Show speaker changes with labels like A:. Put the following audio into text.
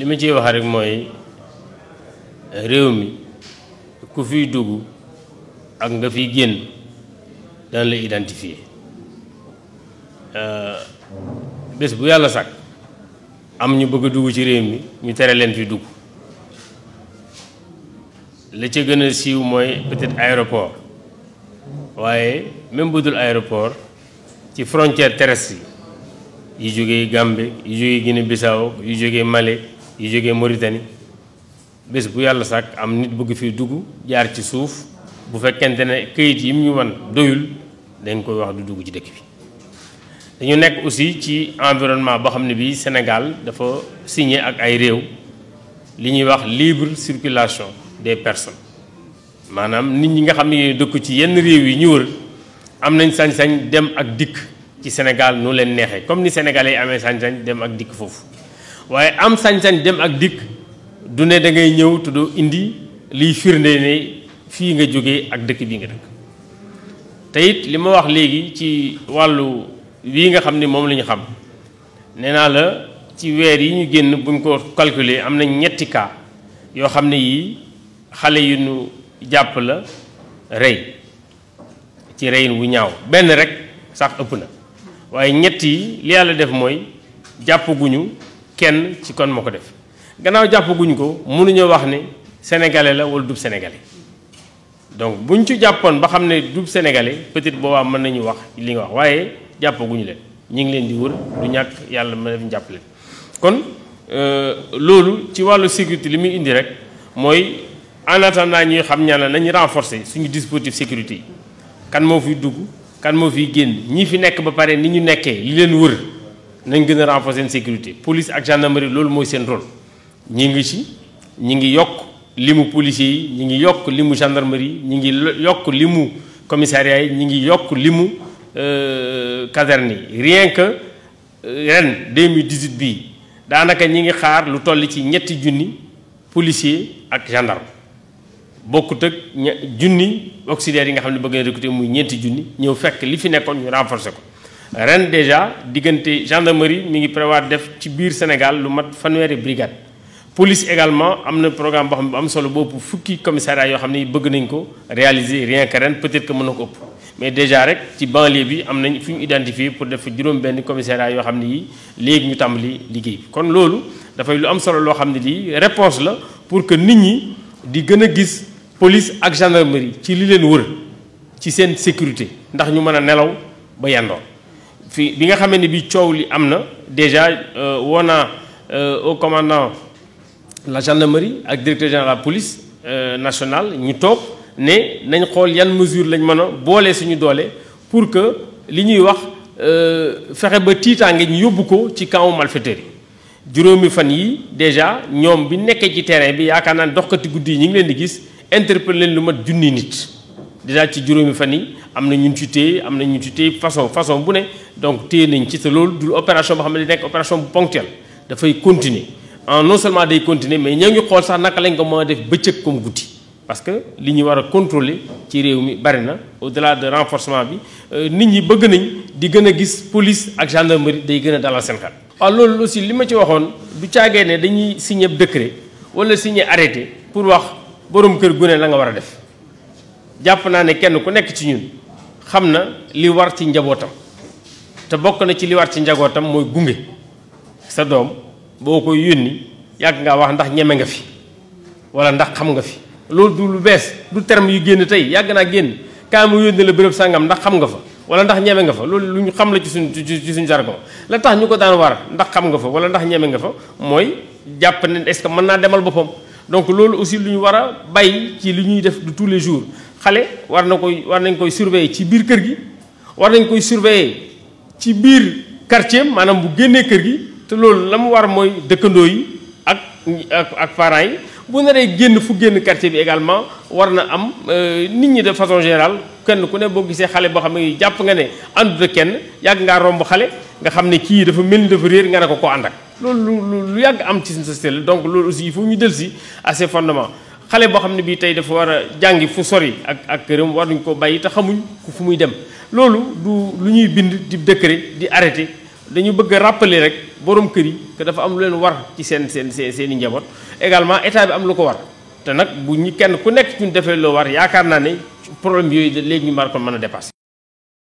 A: li ma ci wax rek mooy réew mi ku fiy dugg ak nga fi génn dana la identifier euh, bés bu yàlla sàkk am ñu bëgg dugg ci réew mi ñu tere leen fi dugg la ca gën a siiw mooy peut-être aéroport waaye même bu dul aéroport ci frontière terrestre yi yu jógee Gambie yu jógee Guinée Bissau yu jógee Mali yu jógee Mauritanie bés bu yàlla sàkk am nit bëgg fi dugg jaar ci suuf bu fekkente ne këyit yi mu ñu wan doyul dañ koy wax du dugg ci dëkk bi dañu nekk aussi ci environnement boo xam ne bii Sénégal dafa signé ak ay réew li ñuy wax libre circulation des personnes maanaam nit ñi nga xam ne dëkku ci yenn réew yi ñu wër am nañ sañ-sañ dem ak dikk ci Sénégal nu leen neexee comme ni sénégal yi amee sañ-sañ dem ak dikk foofu waaye am sañ-sañ dem ak dikk du ne da ngay ñëw te indi liy firnde ne fii nga jóge ak dëkk bii nga dëkk te li ma wax léegi ci wàllu wii nga xam ni moom lañu xam nee naa la ci weer yi ñu génn buñ ko calculer am na ñetti kaa yoo xam ne yii xale yi ñu jàpp la rey ci reyin wu ñaaw benn rek sax ëpp na waaye ñett yi li yàlla def mooy jàppaguñu kenn ci kon moo ko def gannaaw jàppaguñ ko mënuñoo wax ni sénégalais la wala dub sénégalais donc buñ ci jàppoon ba xam ne dub sénégalais peut-être boobaa mën nañu wax li nga wax waaye jàppaguñu leen ñu ngi leen di wër du ñàkk yàlla mën nañu jàpp leen kon euh, loolu ci wàllu sécurité li muy indi rek mooy en naa ñuy xam ñaan la nañu suñu dispositif sécurité yi kan moo fiy dugg kan moo fi génn ñi fi nekk ba pare ni ñu nekkee li leen wër nañ gën a renforcer seen sécurité police ak gendarmerie loolu mooy seen rôle ñi ngi ci ñu ngi yokk limu policiers yi ñi ngi yokk limu gendarmerie ñi ngi yokk limu commissariat yi ñi ngi yokk limu euh, caserne yi rien que euh, ren 2018 bii daanaka ñi ngi xaar lu toll ci ñetti junni policier ak gendarme bokkut ak junni auxiliaires yi nga xam ne bëgg na recruter muy ñeenti junni ñëw fekk li fi nekkoon ñu renforcer ko ren déjà diggante gendarmerie mu ngi prévoir def ci biir Sénégal lu mat fanweeri brigade police également am na programme boo xam ne bu am solo boobu fukki commissariat yoo xam ne bëgg nañ ko réaliser rien que ren peut-être que mën na ko ëpp mais déjà rek ci banlieue bi am nañ fu ñu identifié pour def juróom-benn commissariat yoo xam ne yi léegi ñu tàmbali liggéey bi kon loolu dafay lu am solo loo xam ne lii réponse la pour que nit ñi di gën a gis police ak gendarmerie ci li leen ci seen sécurité ndax ñu mën a nelaw ba yandoon fi bi nga xamee ne bi coow li am na déjà euh, woo naa euh, au commandant la gendarmerie ak directeur général la police euh, nationale ñu toog ne nañ xool yan mesure lañ mën a boole suñu doolee pour que li ñuy wax fexe ba tiitaange ñu yóbbu ko ci camp malfaiteur yi juróomi fan yi déjà ñoom bi nekkee ci terrain bi yaakaar naa doxkati guddi yi ñu ngi leen di gis interpellé leen lu mat junni nit déjà ci juróomi fan yi am na ñun ci téye am na ñun ci téye façon façon bu ne donc téye nañ ci sa loolu dul opération boo xam ne nekk opération bu ponctuelle dafay continuer en non seulement day continuer mais ñoo ngi xool sax naka lañ ko mën a def bëccëg comme guddi parce que li ñu war a contrôler ci réew mi bari na au-delà de renforcement bi euh, nit ñi bëgg nañ di gën a gis police ak gendarmerie day gën a dalal seen xel. loolu aussi li ma ci waxoon du caagee ne dañuy signer décret wala signer arrêté pour wax borom kër gu ne la nga war a def. jàpp naa ne kenn ku nekk ci ñun xam na li war ci njabootam te bokk na ci li war ci njagootam mooy gunge sa doom boo koy yónni yàgg ngaa wax ndax ñeme nga fi wala ndax xam nga fi loolu du lu bees du terme yu génn tey yàgg naa génn kaa mu yónni la béréb sàngam ndax xam nga fa wala ndax ñeme nga fa loolu lu ñu xam la ci suñ ci suñ jargon la tax ñu ko daan war ndax xam nga fa wala ndax ñeme nga fa mooy jàpp ne est-ce que mën naa demal boppam donc loolu aussi lu ñu war a bàyyi ci li ñuy def de tous les jours xale war na koy war nañ koy surveiller ci biir kër gi war nañ koy surveiller ci biir quartier maanaam bu génnee kër gi te loolu la mu war mooy dëkkandoo yi ak ak ak parents yi bu naree génn fu génn quartier bi également war na am euh, nit ñi de façon générale kenn ku ne boo gisee xale boo xam ne jàpp nga ne àndut ak kenn yàgg ngaa romb xale nga xam ne kii dafa mel ni dafa réer nga ne ko koo ànd loolu lu lu yàgg am ci société la donc loolu aussi il faut ñu dellu si à ses xale boo xam ne bii tey dafa war a jàngi fu sori ak ak këram war nañ ko bàyyi te xamuñ fu muy dem loolu du lu ñuy bind di décret di arrêté dañu bëgg a rappeler rek borom kër yi que dafa am lu leen war ci seen seen seen seen i njaboot également état bi am lu ko war te nag bu ñu kenn ku nekk ci ñu defee loo war yaakaar naa ne problème yooyu léegi ñu mar ko mën a dépassé